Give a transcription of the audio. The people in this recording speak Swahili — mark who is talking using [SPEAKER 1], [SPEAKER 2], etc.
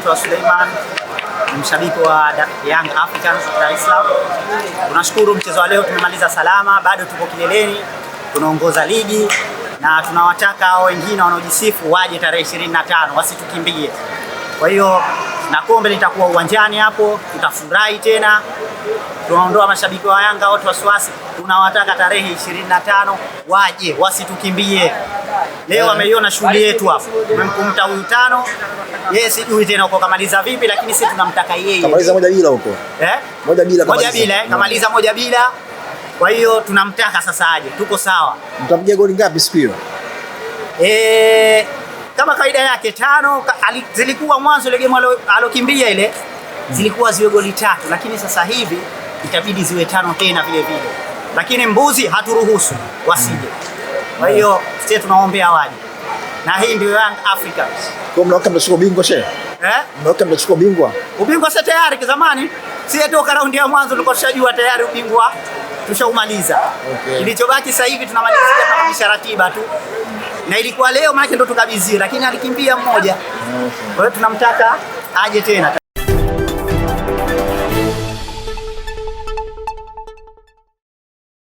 [SPEAKER 1] naitwa Suleiman, ni mshabiki wa Young Africans Dar es Salaam. Tunashukuru mchezo wa leo tumemaliza salama, bado tuko kileleni, tunaongoza ligi na tunawataka hao wengine wanaojisifu waje tarehe 25 wasitukimbie. Kwa hiyo na kombe litakuwa uwanjani hapo, tutafurahi tena, tunaondoa mashabiki wa Yanga wote wasiwasi. Tunawataka tarehe 25 waje wasitukimbie leo ameiona shughuli yetu hapa, umemkumta huyu tano. Yeye sijui tena uko kamaliza vipi, lakini sisi tunamtaka yeye
[SPEAKER 2] kamaliza moja bila huko eh, moja bila moja
[SPEAKER 1] bila eh? mm. kamaliza moja bila. Kwa hiyo tunamtaka sasa aje, tuko sawa.
[SPEAKER 2] Mtampiga goli ngapi siku hiyo?
[SPEAKER 1] Eh, kama kawaida yake tano zilikuwa mwanzo, ile game alokimbia ile zilikuwa ziwe goli tatu, lakini sasa hivi itabidi ziwe tano tena vile vile, lakini mbuzi haturuhusu wasije kwa hiyo sisi tunaombea waje, na hii ndio Young Africans.
[SPEAKER 2] Kwa mnaweka mmechukua bingwa she? Eh? Mnaweka mmechukua bingwa?
[SPEAKER 1] Ubingwa sasa tayari kizamani. Sisi toka raundi ya mwanzo tulikuwa tushajua tayari ubingwa tushaumaliza. Okay. Kilichobaki sasa hivi tunamalizia kama ratiba tu. Na ilikuwa leo maana ndo tukabizi lakini alikimbia mmoja. Kwa hiyo tunamtaka aje tena.